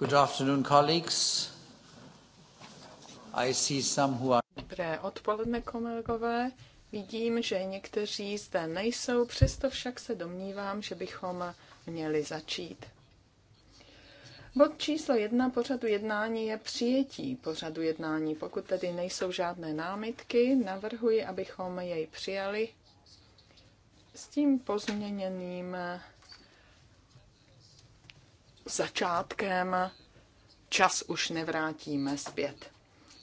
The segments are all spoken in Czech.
Good afternoon, colleagues. I see some who are... Dobré odpoledne, kolegové. Vidím, že někteří zde nejsou, přesto však se domnívám, že bychom měli začít. Bod číslo jedna pořadu jednání je přijetí pořadu jednání. Pokud tedy nejsou žádné námitky, navrhuji, abychom jej přijali s tím pozměněným začátkem, čas už nevrátíme zpět.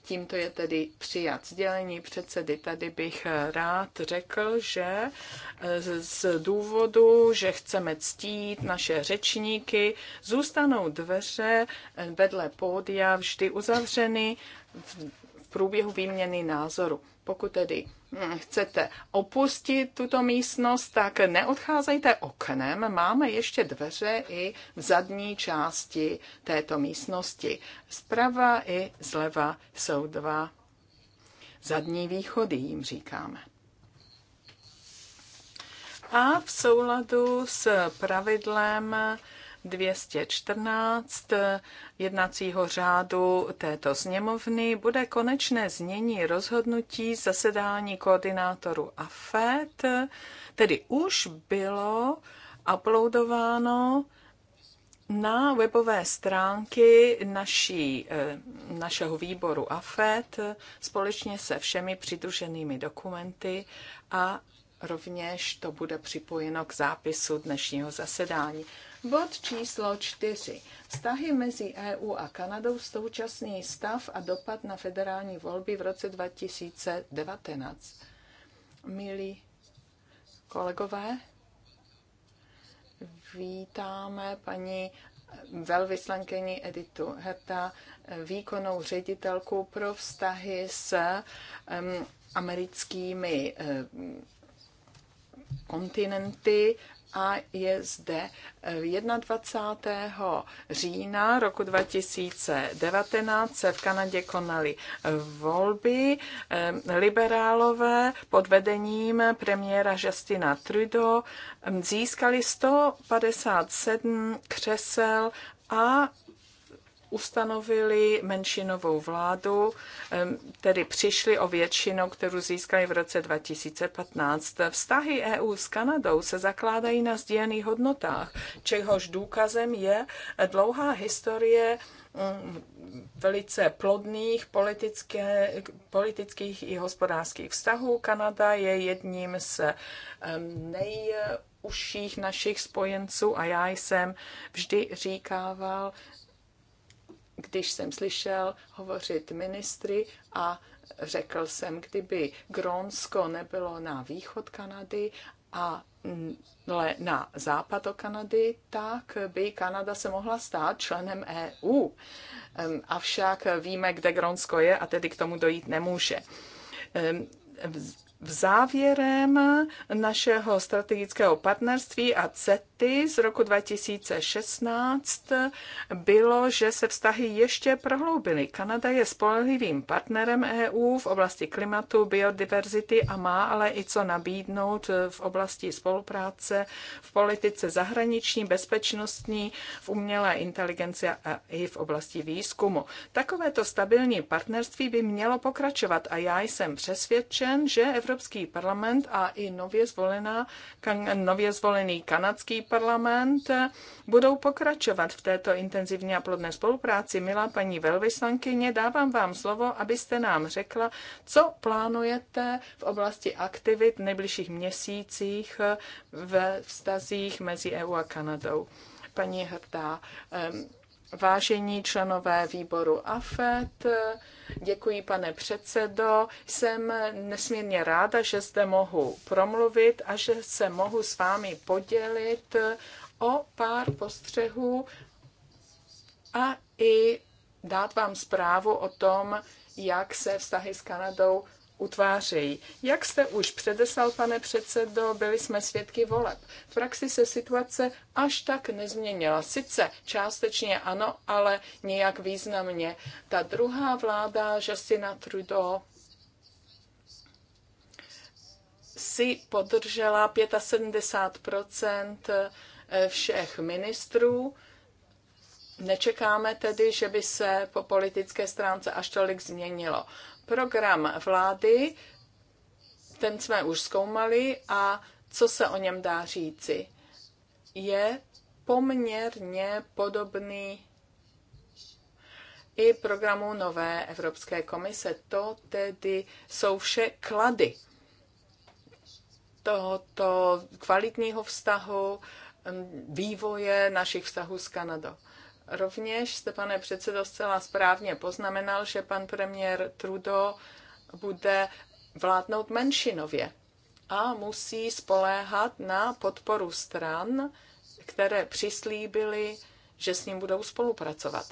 Tímto je tedy přijat sdělení předsedy. Tady bych rád řekl, že eh, z důvodu, že chceme ctít naše řečníky, zůstanou dveře eh, vedle pódia vždy uzavřeny v průběhu výměny názoru. Pokud tedy eh, chcete opustit tuto místnost, tak neodcházejte oknem. Máme ještě dveře i v zadní části této místnosti. Zprava i zleva jsou dva zadní východy, jim říkáme. A v souladu s pravidlem 214 jednacího řádu této sněmovny bude konečné znění rozhodnutí zasedání koordinátoru AFET, tedy už bylo uploadováno na webové stránky naší, eh, našeho výboru AFET společně se všemi přidruženými dokumenty a Rovněž to bude připojeno k zápisu dnešního zasedání. Bod číslo čtyři. Vztahy mezi EU a Kanadou, současný stav a dopad na federální volby v roce 2019. Milí kolegové, vítáme paní velvyslankyni Editu Herta, výkonnou ředitelku pro vztahy s um, americkými um, kontinenty a je zde 21. Eh, října roku 2019 se v Kanadě konaly eh, volby. Eh, liberálové pod vedením premiéra Justina Trudeau mm, získali 157 křesel a ustanovili menšinovou vládu, tedy přišli o většinu, kterou získali v roce 2015. Vztahy EU s Kanadou se zakládají na sdílených hodnotách, čehož důkazem je dlouhá historie mm, velice plodných politické, politických i hospodářských vztahů. Kanada je jedním z nejužších našich spojenců a já jsem vždy říkával, když jsem slyšel hovořit ministry a řekl jsem, kdyby Grónsko nebylo na východ Kanady a ale na západ o Kanady, tak by Kanada se mohla stát členem EU. Avšak víme, kde Grónsko je a tedy k tomu dojít nemůže. V závěrem našeho strategického partnerství a CET Rady z roku 2016 bylo, že se vztahy ještě prohloubily. Kanada je spolehlivým partnerem EU v oblasti klimatu, biodiverzity a má ale i co nabídnout v oblasti spolupráce v politice zahraniční, bezpečnostní, v umělé inteligenci a i v oblasti výzkumu. Takovéto stabilní partnerství by mělo pokračovat a já jsem přesvědčen, že Evropský parlament a i nově, zvolená, nově zvolený kanadský parlament budou pokračovat v této intenzivní a plodné spolupráci. Milá paní velvyslankyně, dávám vám slovo, abyste nám řekla, co plánujete v oblasti aktivit v nejbližších měsících ve vztazích mezi EU a Kanadou. Paní Hrtá, Vážení členové výboru AFET, děkuji pane předsedo. Jsem nesmírně ráda, že zde mohu promluvit a že se mohu s vámi podělit o pár postřehů a i dát vám zprávu o tom, jak se vztahy s Kanadou utvářejí. Jak jste už předeslal, pane předsedo, byli jsme svědky voleb. V praxi se situace až tak nezměnila. Sice částečně ano, ale nějak významně. Ta druhá vláda, Justina Trudeau, si podržela 75 eh, všech ministrů. Nečekáme tedy, že by se po politické stránce až tolik změnilo. Program vlády, ten jsme už zkoumali a co se o něm dá říci? Je poměrně podobný i programu Nové Evropské komise. To tedy jsou vše klady tohoto kvalitního vztahu, mm, vývoje našich vztahů s Kanadou. Rovněž jste, pane předsedo, zcela správně poznamenal, že pan premiér Trudeau bude vládnout menšinově a musí spoléhat na podporu stran, které přislíbily, že s ním budou spolupracovat.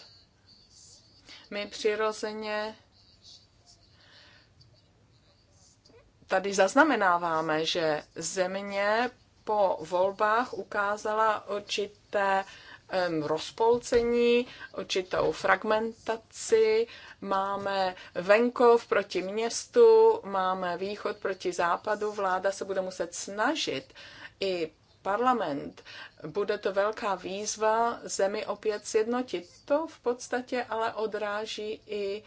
My přirozeně tady zaznamenáváme, že země po volbách ukázala určité rozpolcení, určitou fragmentaci, máme venkov proti městu, máme východ proti západu, vláda se bude muset snažit i parlament. Bude to velká výzva zemi opět sjednotit. To v podstatě ale odráží i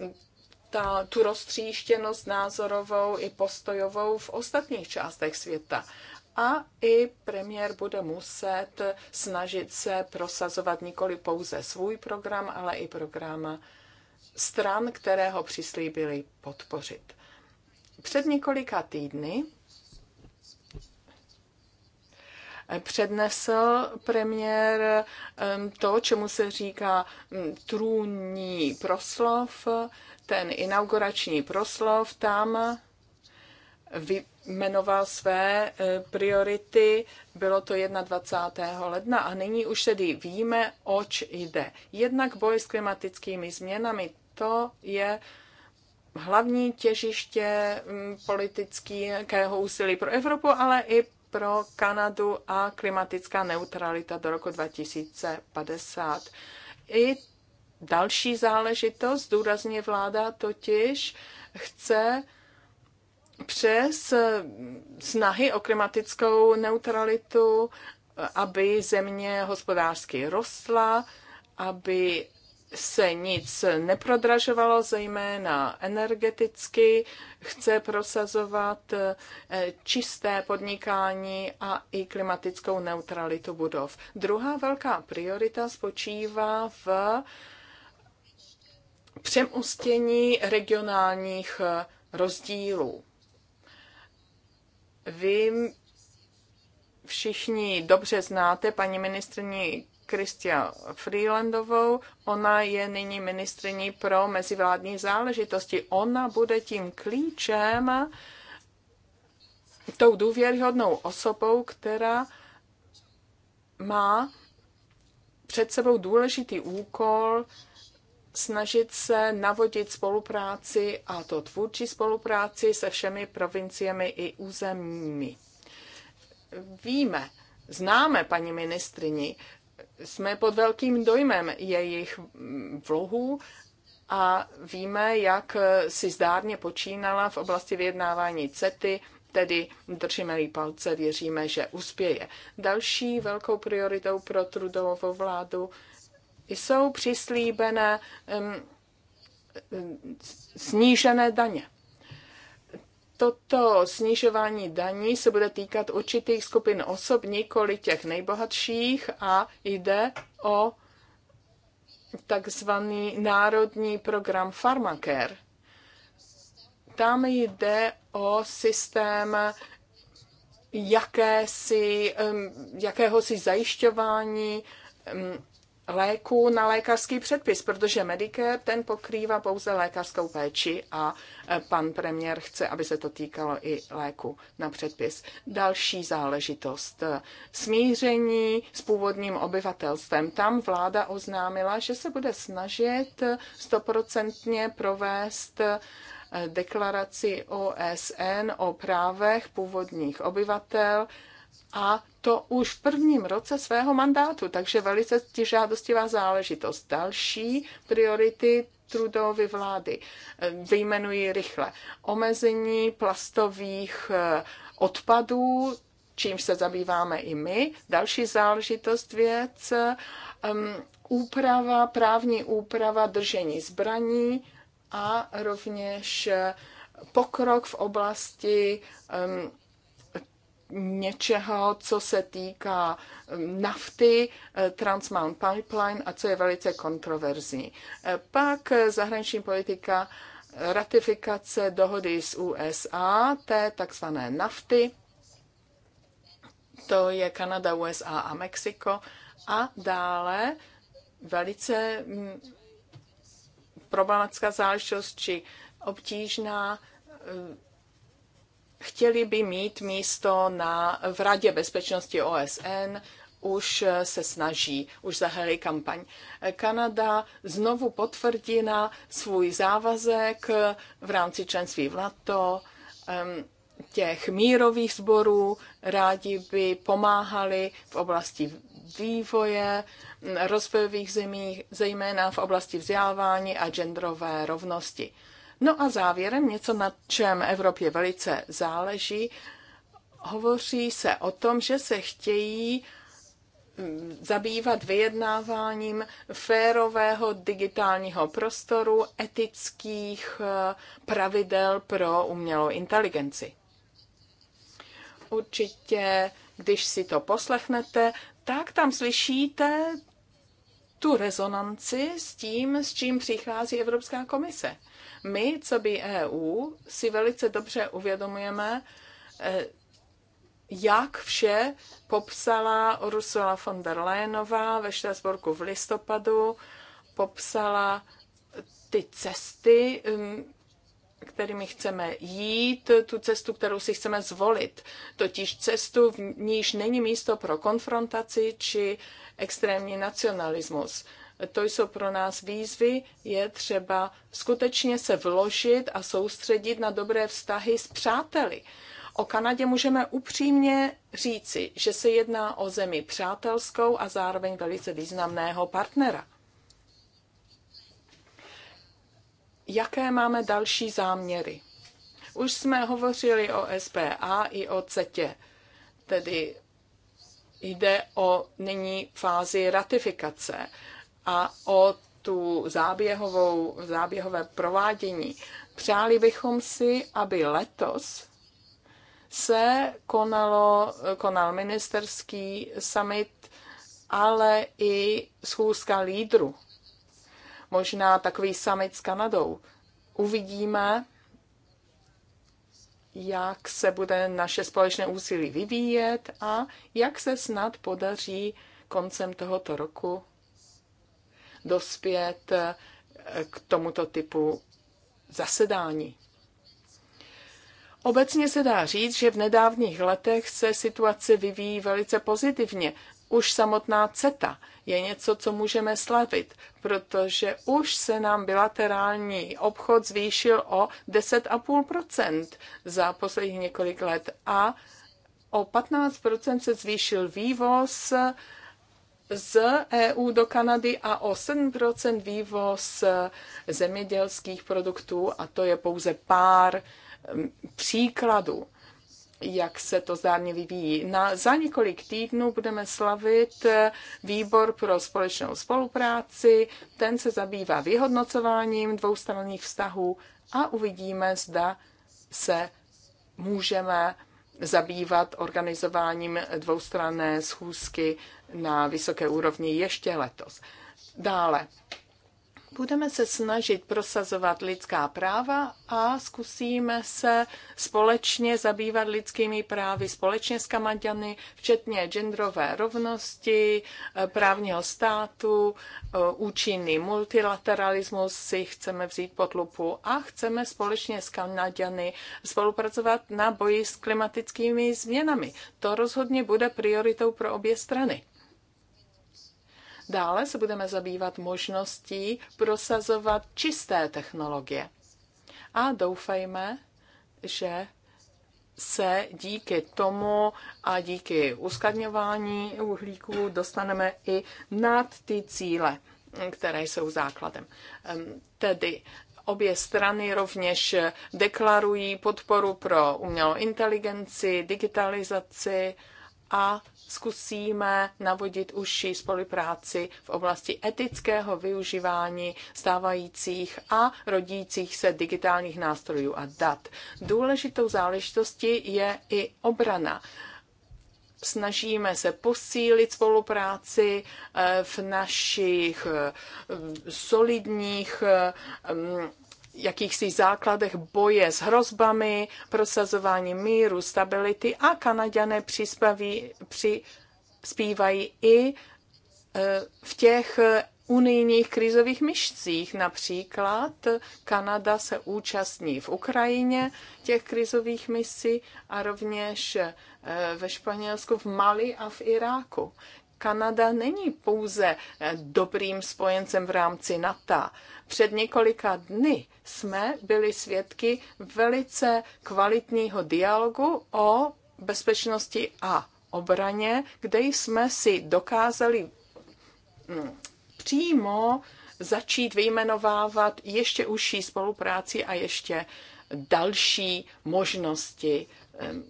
mm, ta, tu roztříštěnost názorovou i postojovou v ostatních částech světa a i premiér bude muset snažit se prosazovat nikoli pouze svůj program, ale i program stran, které ho přislíbili podpořit. Před několika týdny přednesl premiér to, čemu se říká trůní proslov, ten inaugurační proslov, tam vyjmenoval své e, priority, bylo to 21. ledna a nyní už tedy víme, oč jde. Jednak boj s klimatickými změnami, to je hlavní těžiště politického úsilí pro Evropu, ale i pro Kanadu a klimatická neutralita do roku 2050. I další záležitost, důrazně vláda totiž chce přes eh, snahy o klimatickou neutralitu, eh, aby země hospodářsky rostla, aby se nic neprodražovalo, zejména energeticky, chce prosazovat eh, čisté podnikání a i klimatickou neutralitu budov. Druhá velká priorita spočívá v přemustění regionálních rozdílů vy všichni dobře znáte paní ministrní Kristia Freelandovou. Ona je nyní ministrní pro mezivládní záležitosti. Ona bude tím klíčem, tou důvěryhodnou osobou, která má před sebou důležitý úkol snažit se navodit spolupráci, a to tvůrčí spolupráci, se všemi provinciemi i územními. Víme, známe paní ministrini, jsme pod velkým dojmem jejich vlohů a víme, jak si zdárně počínala v oblasti vyjednávání CETY, tedy držíme jí palce, věříme, že uspěje. Další velkou prioritou pro Trudovou vládu jsou přislíbené snížené daně. Toto snižování daní se bude týkat určitých skupin osob, nikoli těch nejbohatších a jde o takzvaný národní program Pharmacare. Tam jde o systém jakési, jakéhosi zajišťování léku na lékařský předpis, protože Medicare ten pokrývá pouze lékařskou péči a e, pan premiér chce, aby se to týkalo i léku na předpis. Další záležitost. E, smíření s původním obyvatelstvem. Tam vláda oznámila, že se bude snažit e, stoprocentně provést deklaraci OSN o právech původních obyvatel a to už v prvním roce svého mandátu, takže velice žádostivá záležitost. Další priority Trudovy vlády vyjmenuji rychle. Omezení plastových eh, odpadů, čímž se zabýváme i my. Další záležitost věc, um, úprava, právní úprava držení zbraní a rovněž eh, pokrok v oblasti um, něčeho, co se týká um, nafty, eh, Trans Mountain Pipeline a co je velice kontroverzní. Eh, pak eh, zahraniční politika ratifikace dohody s USA, té takzvané nafty, to je Kanada, USA a Mexiko. A dále velice mm, problematická záležitost či obtížná chtěli by mít místo na, v Radě bezpečnosti OSN, už eh, se snaží, už zahájí kampaň. Kanada znovu potvrdí na svůj závazek eh, v rámci členství v NATO, eh, těch mírových sborů, rádi by pomáhali v oblasti vývoje, mm, rozvojových zemí, zejména v oblasti vzdělávání a genderové rovnosti. No a závěrem něco, na čem Evropě velice záleží, hovoří se o tom, že se chtějí mm, zabývat vyjednáváním férového digitálního prostoru, etických eh, pravidel pro umělou inteligenci. Určitě, když si to poslechnete, tak tam slyšíte tu rezonanci s tím, s čím přichází Evropská komise. My, co by EU, si velice dobře uvědomujeme, eh, jak vše popsala Ursula von der Leyenová ve Štrasburku v listopadu, popsala ty cesty, hm, kterými chceme jít, tu cestu, kterou si chceme zvolit. Totiž cestu, v níž není místo pro konfrontaci či extrémní nacionalismus. To jsou pro nás výzvy, je třeba skutečně se vložit a soustředit na dobré vztahy s přáteli. O Kanadě můžeme upřímně říci, že se jedná o zemi přátelskou a zároveň velice významného partnera. Jaké máme další záměry? Už jsme hovořili o SPA i o CETě, tedy jde o nyní fázi ratifikace a o tu záběhovou, záběhové provádění. Přáli bychom si, aby letos se konalo, konal ministerský summit, ale i schůzka lídru. Možná takový summit s Kanadou. Uvidíme, jak se bude naše společné úsilí vyvíjet a jak se snad podaří koncem tohoto roku dospět eh, k tomuto typu zasedání. Obecně se dá říct, že v nedávných letech se situace vyvíjí velice pozitivně. Už samotná CETA je něco, co můžeme slavit, protože už se nám bilaterální obchod zvýšil o 10,5 za posledních několik let a o 15 se zvýšil vývoz z EU do Kanady a o 7% vývoz zemědělských produktů a to je pouze pár mm, příkladů jak se to zdárně vyvíjí. Na, za několik týdnů budeme slavit eh, výbor pro společnou spolupráci. Ten se zabývá vyhodnocováním dvoustranných vztahů a uvidíme, zda se můžeme zabývat organizováním dvoustranné schůzky na vysoké úrovni ještě letos. Dále, budeme se snažit prosazovat lidská práva a zkusíme se společně zabývat lidskými právy, společně s Kamaďany, včetně genderové rovnosti, právního státu, účinný multilateralismus si chceme vzít pod lupu a chceme společně s Kanaďany spolupracovat na boji s klimatickými změnami. To rozhodně bude prioritou pro obě strany. Dále se budeme zabývat možností prosazovat čisté technologie. A doufejme, že se díky tomu a díky uskladňování uhlíku dostaneme i nad ty cíle, které jsou základem. Ehm, tedy obě strany rovněž deklarují podporu pro umělou inteligenci, digitalizaci, a zkusíme navodit užší spolupráci v oblasti etického využívání stávajících a rodících se digitálních nástrojů a dat. Důležitou záležitostí je i obrana snažíme se posílit spolupráci eh, v našich eh, solidních eh, mm, jakýchsi základech boje s hrozbami, prosazování míru, stability a Kanaďané přispaví, přispívají i e, v těch unijních krizových myšcích. Například Kanada se účastní v Ukrajině těch krizových misí a rovněž e, ve Španělsku, v Mali a v Iráku. Kanada není pouze eh, dobrým spojencem v rámci NATO. Před několika dny jsme byli svědky velice kvalitního dialogu o bezpečnosti a obraně, kde jsme si dokázali hm, přímo začít vyjmenovávat ještě užší spolupráci a ještě další možnosti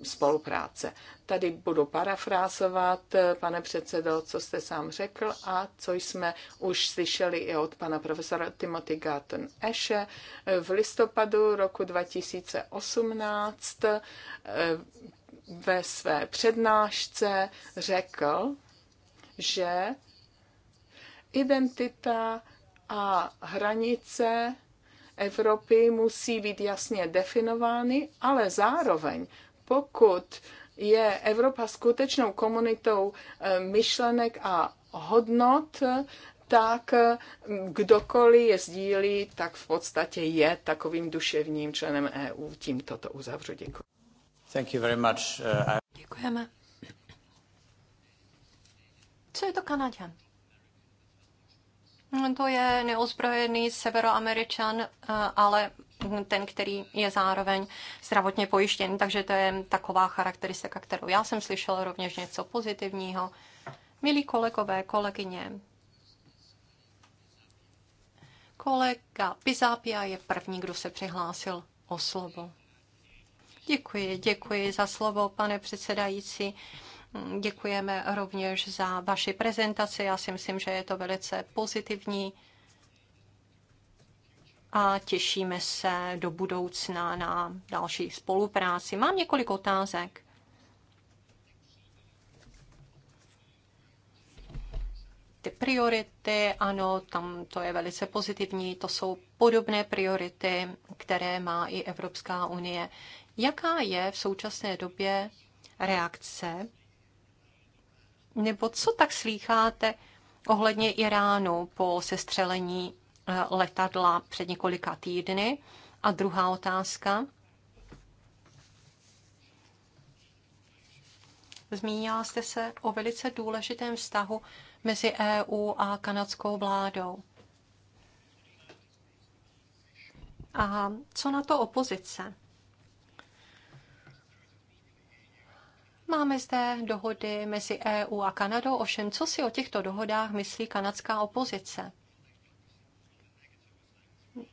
spolupráce. Tady budu parafrázovat, eh, pane předsedo, co jste sám řekl a co jsme už slyšeli i od pana profesora Timothy Garton Esche. V listopadu roku 2018 eh, ve své přednášce řekl, že identita a hranice Evropy musí být jasně definovány, ale zároveň pokud je Evropa skutečnou komunitou eh, myšlenek a hodnot, tak eh, kdokoliv je sdílí, tak v podstatě je takovým duševním členem EU. Tím toto uzavřu. Děkuji. Thank you very much. Eh, Děkujeme. Co je to Kanaděn? To je neozbrojený severoameričan, ale ten, který je zároveň zdravotně pojištěn. Takže to je taková charakteristika, kterou já jsem slyšela rovněž něco pozitivního. Milí kolegové, kolegyně, kolega Pizápia je první, kdo se přihlásil o slovo. Děkuji, děkuji za slovo, pane předsedající. Děkujeme rovněž za vaši prezentaci. Já si myslím, že je to velice pozitivní a těšíme se do budoucna na další spolupráci. Mám několik otázek. Ty priority, ano, tam to je velice pozitivní, to jsou podobné priority, které má i Evropská unie. Jaká je v současné době reakce? Nebo co tak slýcháte ohledně Iránu po sestřelení Eh, letadla před několika týdny? A druhá otázka. Zmínila jste se o velice důležitém vztahu mezi EU a kanadskou vládou. A co na to opozice? Máme zde dohody mezi EU a Kanadou, ovšem co si o těchto dohodách myslí kanadská opozice?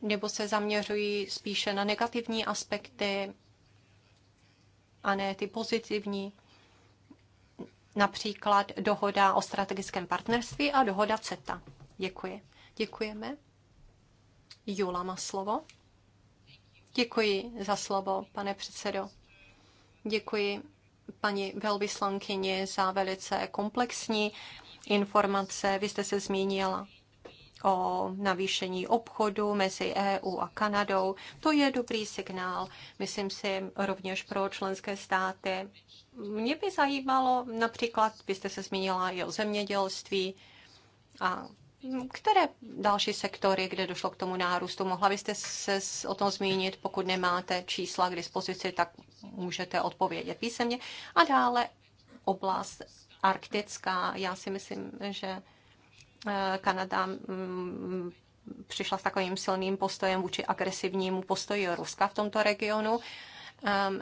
nebo se zaměřují spíše na negativní aspekty a ne ty pozitivní. Například dohoda o strategickém partnerství a dohoda CETA. Děkuji. Děkujeme. Jula má slovo. Děkuji za slovo, pane předsedo. Děkuji paní velvyslankyni za velice komplexní informace. Vy jste se zmínila o navýšení obchodu mezi EU a Kanadou. To je dobrý signál, myslím si, rovněž pro členské státy. Mě by zajímalo, například, byste se zmínila i o zemědělství a které další sektory, kde došlo k tomu nárůstu? Mohla byste se o tom zmínit, pokud nemáte čísla k dispozici, tak můžete odpovědět písemně. A dále oblast arktická. Já si myslím, že Eh, Kanada mm, přišla s takovým silným postojem vůči agresivnímu postoji Ruska v tomto regionu um,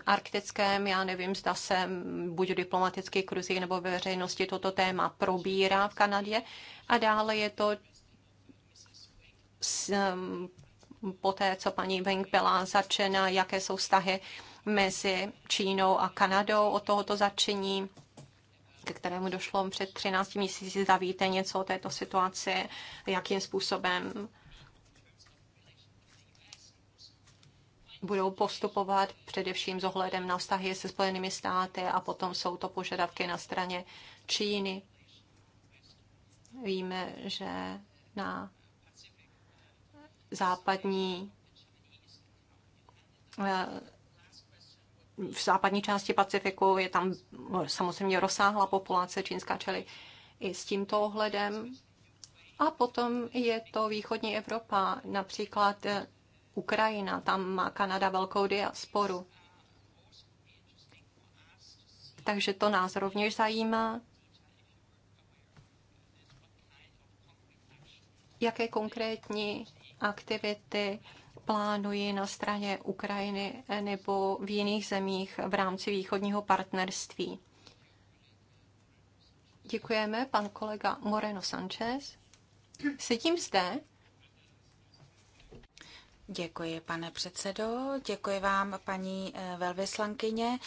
arktickém. Já nevím, zda se buď diplomatický kruzí nebo ve veřejnosti toto téma probírá v Kanadě. A dále je to s, um, té, co paní Weng byla začena, jaké jsou vztahy mezi Čínou a Kanadou od tohoto začení ke kterému došlo před 13 měsíci, zda víte něco o této situaci, jakým způsobem budou postupovat především s ohledem na vztahy se Spojenými státy a potom jsou to požadavky na straně Číny. Víme, že na západní eh, v západní části Pacifiku je tam no, samozřejmě rozsáhlá populace čínská, čeli i s tímto ohledem. A potom je to východní Evropa, například eh, Ukrajina, tam má Kanada velkou diasporu. Takže to nás rovněž zajímá. Jaké konkrétní aktivity plánují na straně Ukrajiny nebo v jiných zemích v rámci východního partnerství. Děkujeme, pan kolega Moreno Sanchez. Sedím zde. Děkuji, pane předsedo. Děkuji vám, paní eh, velvyslankyně.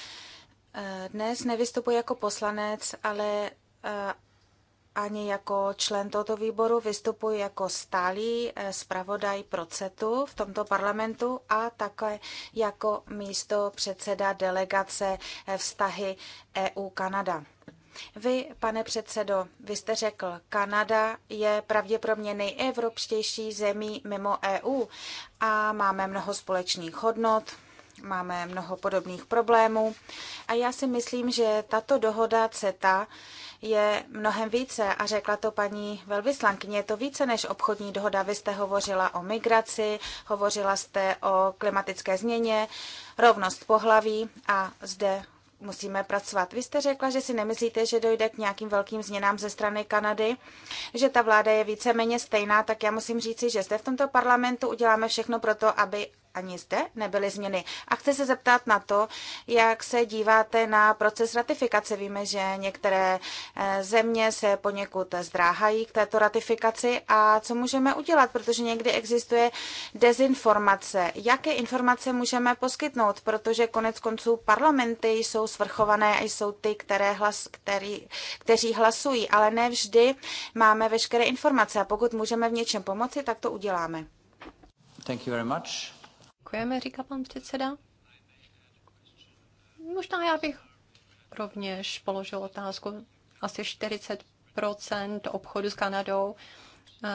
Eh, dnes nevystupuji jako poslanec, ale eh, ani jako člen tohoto výboru vystupuji jako stálý eh, zpravodaj pro CETu v tomto parlamentu a také jako místo předseda delegace eh, vztahy EU-Kanada. Vy, pane předsedo, vy jste řekl, Kanada je pravděpodobně nejevropštější zemí mimo EU a máme mnoho společných hodnot, máme mnoho podobných problémů a já si myslím, že tato dohoda CETA je mnohem více a řekla to paní velvyslankyně, je to více než obchodní dohoda. Vy jste hovořila o migraci, hovořila jste o klimatické změně, rovnost pohlaví a zde musíme pracovat. Vy jste řekla, že si nemyslíte, že dojde k nějakým velkým změnám ze strany Kanady, že ta vláda je víceméně stejná, tak já musím říci, že zde v tomto parlamentu uděláme všechno pro to, aby ani zde nebyly změny. A chci se zeptat na to, jak se díváte na proces ratifikace. Víme, že některé eh, země se poněkud zdráhají k této ratifikaci a co můžeme udělat, protože někdy existuje dezinformace. Jaké informace můžeme poskytnout, protože konec konců parlamenty jsou svrchované a jsou ty, které hlas, který, kteří hlasují, ale ne vždy máme veškeré informace a pokud můžeme v něčem pomoci, tak to uděláme. Thank you very much. Děkujeme, říká pan předseda. Možná já bych rovněž položil otázku. Asi 40 obchodu s Kanadou eh,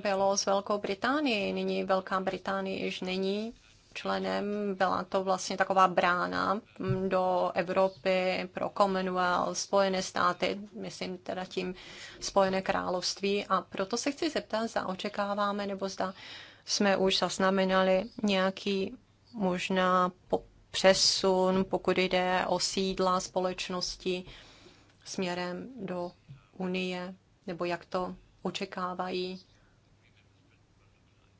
bylo s Velkou Británií. Nyní Velká Británie již není členem, byla to vlastně taková brána do Evropy pro Commonwealth, Spojené státy, myslím teda tím Spojené království. A proto se chci zeptat, zda očekáváme, nebo zda jsme už zaznamenali nějaký možná přesun, pokud jde o sídla společnosti směrem do Unie, nebo jak to očekávají.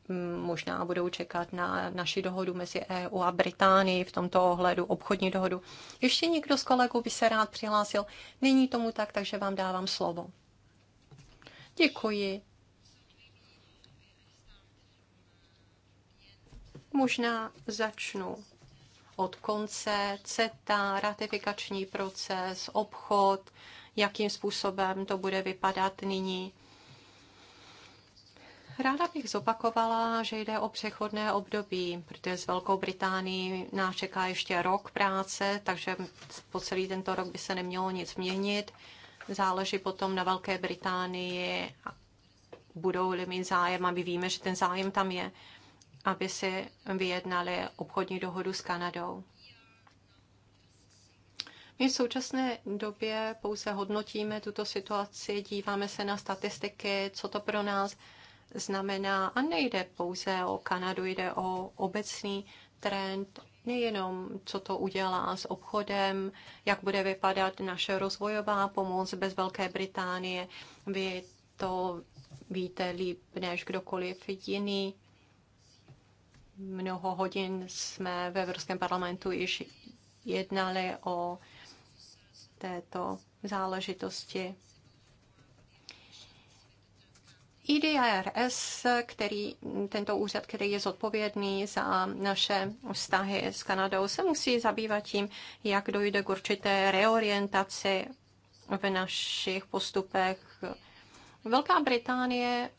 Mm, možná budou čekat na naši dohodu mezi EU a Británií v tomto ohledu, obchodní dohodu. Ještě někdo z kolegů by se rád přihlásil. Není tomu tak, takže vám dávám slovo. Děkuji. Možná začnu od konce CETA, ratifikační proces, obchod, jakým způsobem to bude vypadat nyní. Ráda bych zopakovala, že jde o přechodné období, protože s Velkou Británií nás čeká ještě rok práce, takže po celý tento rok by se nemělo nic měnit. Záleží potom na Velké Británii, budou-li mít zájem a my víme, že ten zájem tam je aby si vyjednali obchodní dohodu s Kanadou. My v současné době pouze hodnotíme tuto situaci, díváme se na statistiky, co to pro nás znamená. A nejde pouze o Kanadu, jde o obecný trend, nejenom co to udělá s obchodem, jak bude vypadat naše rozvojová pomoc bez Velké Británie. Vy to víte líp než kdokoliv jiný mnoho hodin jsme ve Evropském parlamentu již jednali o této záležitosti. IDRS, který, tento úřad, který je zodpovědný za naše vztahy s Kanadou, se musí zabývat tím, jak dojde k určité reorientaci v našich postupech. Velká Británie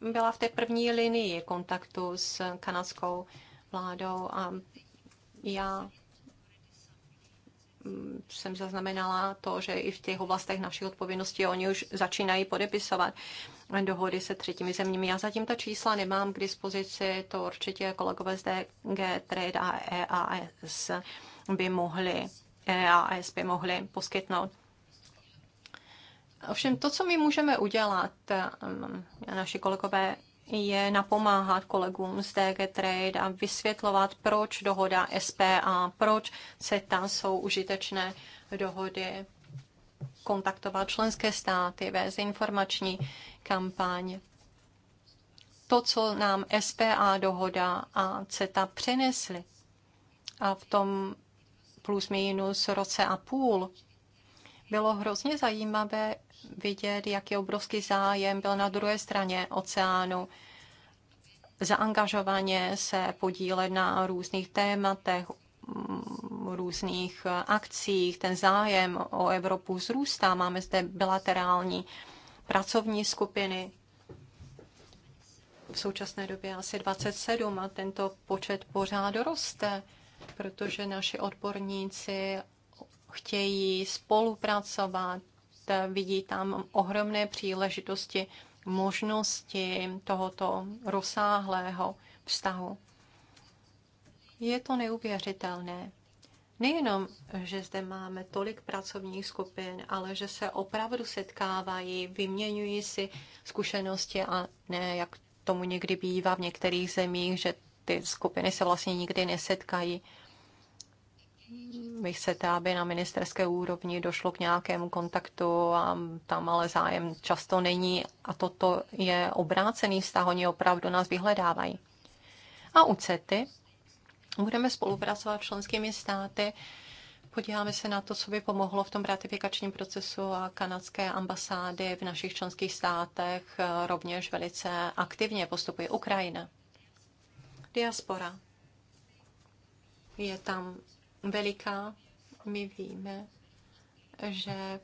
byla v té první linii kontaktu s kanadskou vládou a já mm, jsem zaznamenala to, že i v těch oblastech našich odpovědností oni už začínají podepisovat dohody se třetími zeměmi. Já zatím ta čísla nemám k dispozici, to určitě kolegové z DG Trade a EAS by mohli, EAS by mohli poskytnout. Ovšem to, co my můžeme udělat, um, naši kolegové, je napomáhat kolegům z DG Trade a vysvětlovat, proč dohoda SPA, proč CETA jsou užitečné dohody, kontaktovat členské státy, vést informační kampaň. To, co nám SPA dohoda a CETA přinesly a v tom plus minus roce a půl, bylo hrozně zajímavé vidět, jaký obrovský zájem byl na druhé straně oceánu zaangažovaně se podílet na různých tématech, mm, různých eh, akcích. Ten zájem o Evropu zrůstá. Máme zde bilaterální pracovní skupiny. V současné době asi 27 a tento počet pořád roste, protože naši odborníci chtějí spolupracovat, vidí tam ohromné příležitosti, možnosti tohoto rozsáhlého vztahu. Je to neuvěřitelné. Nejenom, že zde máme tolik pracovních skupin, ale že se opravdu setkávají, vyměňují si zkušenosti a ne, jak tomu někdy bývá v některých zemích, že ty skupiny se vlastně nikdy nesetkají vy chcete, aby na ministerské úrovni došlo k nějakému kontaktu a tam ale zájem často není a toto je obrácený vztah, oni opravdu nás vyhledávají. A u CETY budeme spolupracovat s členskými státy, podíváme se na to, co by pomohlo v tom ratifikačním procesu a kanadské ambasády v našich členských státech eh, rovněž velice aktivně postupuje Ukrajina. Diaspora. Je tam veliká. My víme, že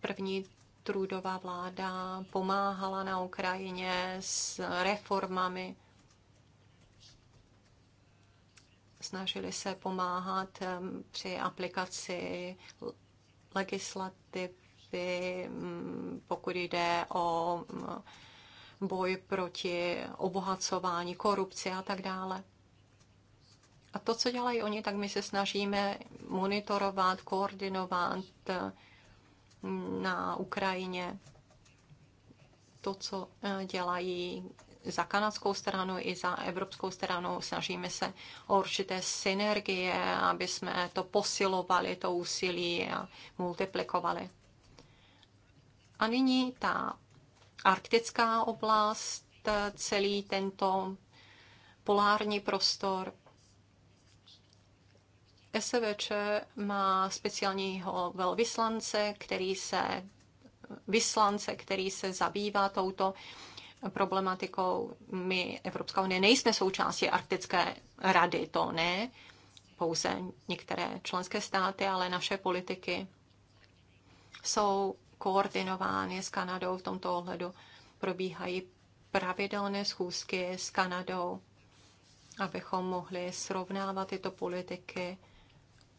první trudová vláda pomáhala na Ukrajině s reformami. Snažili se pomáhat při aplikaci legislativy, mm, pokud jde o mm, boj proti obohacování, korupci a tak dále. A to, co dělají oni, tak my se snažíme monitorovat, koordinovat eh, na Ukrajině to, co eh, dělají za kanadskou stranu i za evropskou stranu. Snažíme se o určité synergie, aby jsme to posilovali, to úsilí a multiplikovali. A nyní ta arktická oblast, eh, celý tento polární prostor, SVČ má speciálního velvyslance, který se vyslance, který se zabývá touto problematikou. My, Evropská unie, nejsme součástí Arktické rady, to ne, pouze některé členské státy, ale naše politiky jsou koordinovány s Kanadou v tomto ohledu. Probíhají pravidelné schůzky s Kanadou, abychom mohli srovnávat tyto politiky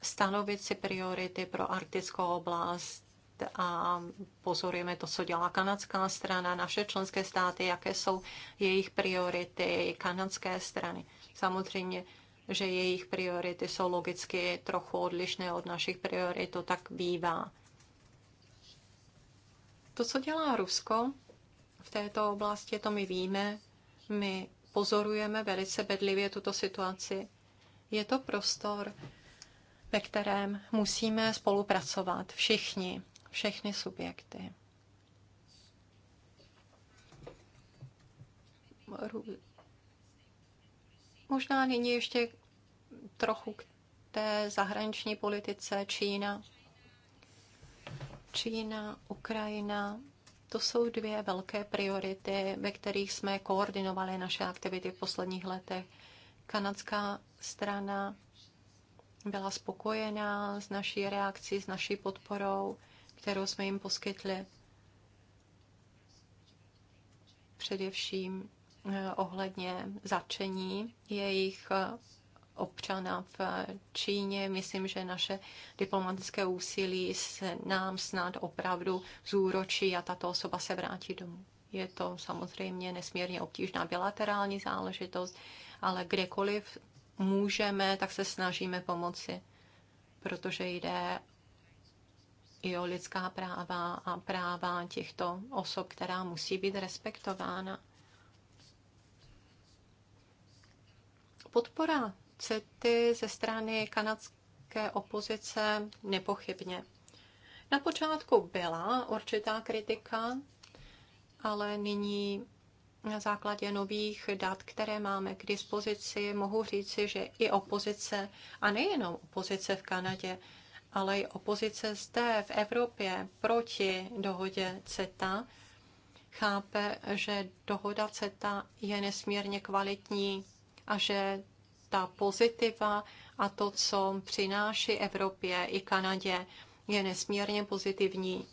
stanovit si priority pro arktickou oblast a pozorujeme to, co dělá kanadská strana, naše členské státy, jaké jsou jejich priority kanadské strany. Samozřejmě, že jejich priority jsou logicky trochu odlišné od našich priorit, to tak bývá. To, co dělá Rusko v této oblasti, to my víme. My pozorujeme velice bedlivě tuto situaci. Je to prostor, ve kterém musíme spolupracovat všichni, všechny subjekty. Možná nyní ještě trochu k té zahraniční politice Čína. Čína, Ukrajina, to jsou dvě velké priority, ve kterých jsme koordinovali naše aktivity v posledních letech. Kanadská strana byla spokojená s naší reakcí, s naší podporou, kterou jsme jim poskytli. Především eh, ohledně začení jejich eh, občana v eh, Číně. Myslím, že naše diplomatické úsilí se nám snad opravdu zúročí a tato osoba se vrátí domů. Je to samozřejmě nesmírně obtížná bilaterální záležitost, ale kdekoliv můžeme, tak se snažíme pomoci, protože jde i o lidská práva a práva těchto osob, která musí být respektována. Podpora CETY ze strany kanadské opozice nepochybně. Na počátku byla určitá kritika, ale nyní na základě nových dat, které máme k dispozici, mohu říci, že i opozice, a nejenom opozice v Kanadě, ale i opozice zde v Evropě proti dohodě CETA, chápe, že dohoda CETA je nesmírně kvalitní a že ta pozitiva a to, co přináší Evropě i Kanadě, je nesmírně pozitivní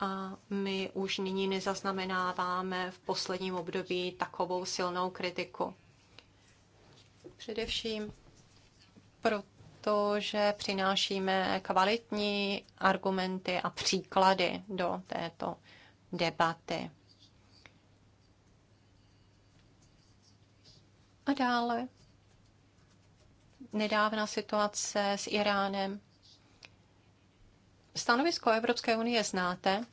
a my už nyní nezaznamenáváme v posledním období takovou silnou kritiku. Především proto, že přinášíme kvalitní argumenty a příklady do této debaty. A dále nedávná situace s Iránem Stanovisko Evropské unie znáte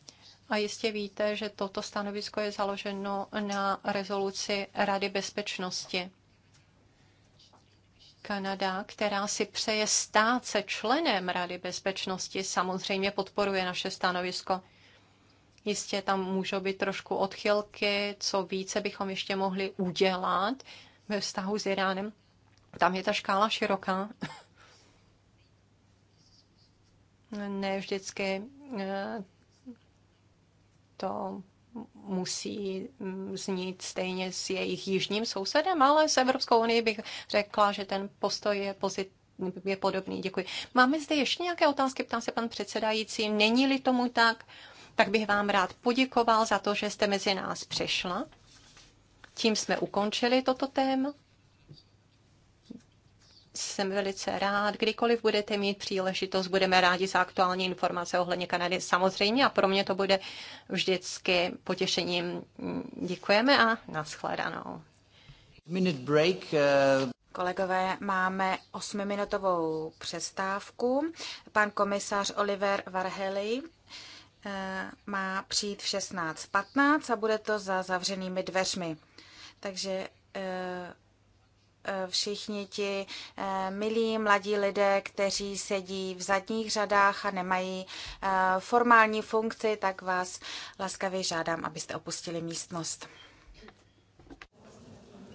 a jistě víte, že toto stanovisko je založeno na rezoluci Rady bezpečnosti. Kanada, která si přeje stát se členem Rady bezpečnosti, samozřejmě podporuje naše stanovisko. Jistě tam můžou být trošku odchylky, co více bychom ještě mohli udělat ve vztahu s Iránem. Tam je ta škála široká ne vždycky eh, to musí mm, znít stejně s jejich jižním sousedem, ale s Evropskou unii bych řekla, že ten postoj je pozitivní je podobný. Děkuji. Máme zde ještě nějaké otázky, ptám se pan předsedající. Není-li tomu tak, tak bych vám rád poděkoval za to, že jste mezi nás přešla. Tím jsme ukončili toto téma jsem velice rád. Kdykoliv budete mít příležitost, budeme rádi za aktuální informace ohledně Kanady. Samozřejmě a pro mě to bude vždycky potěšením. Děkujeme a nashledanou. Minute break. Uh... Kolegové, máme osmiminutovou přestávku. Pan komisař Oliver Varhely eh, má přijít v 16.15 a bude to za zavřenými dveřmi. Takže eh, Eh, všichni ti eh, milí mladí lidé, kteří sedí v zadních řadách a nemají eh, formální funkci, tak vás laskavě žádám, abyste opustili místnost.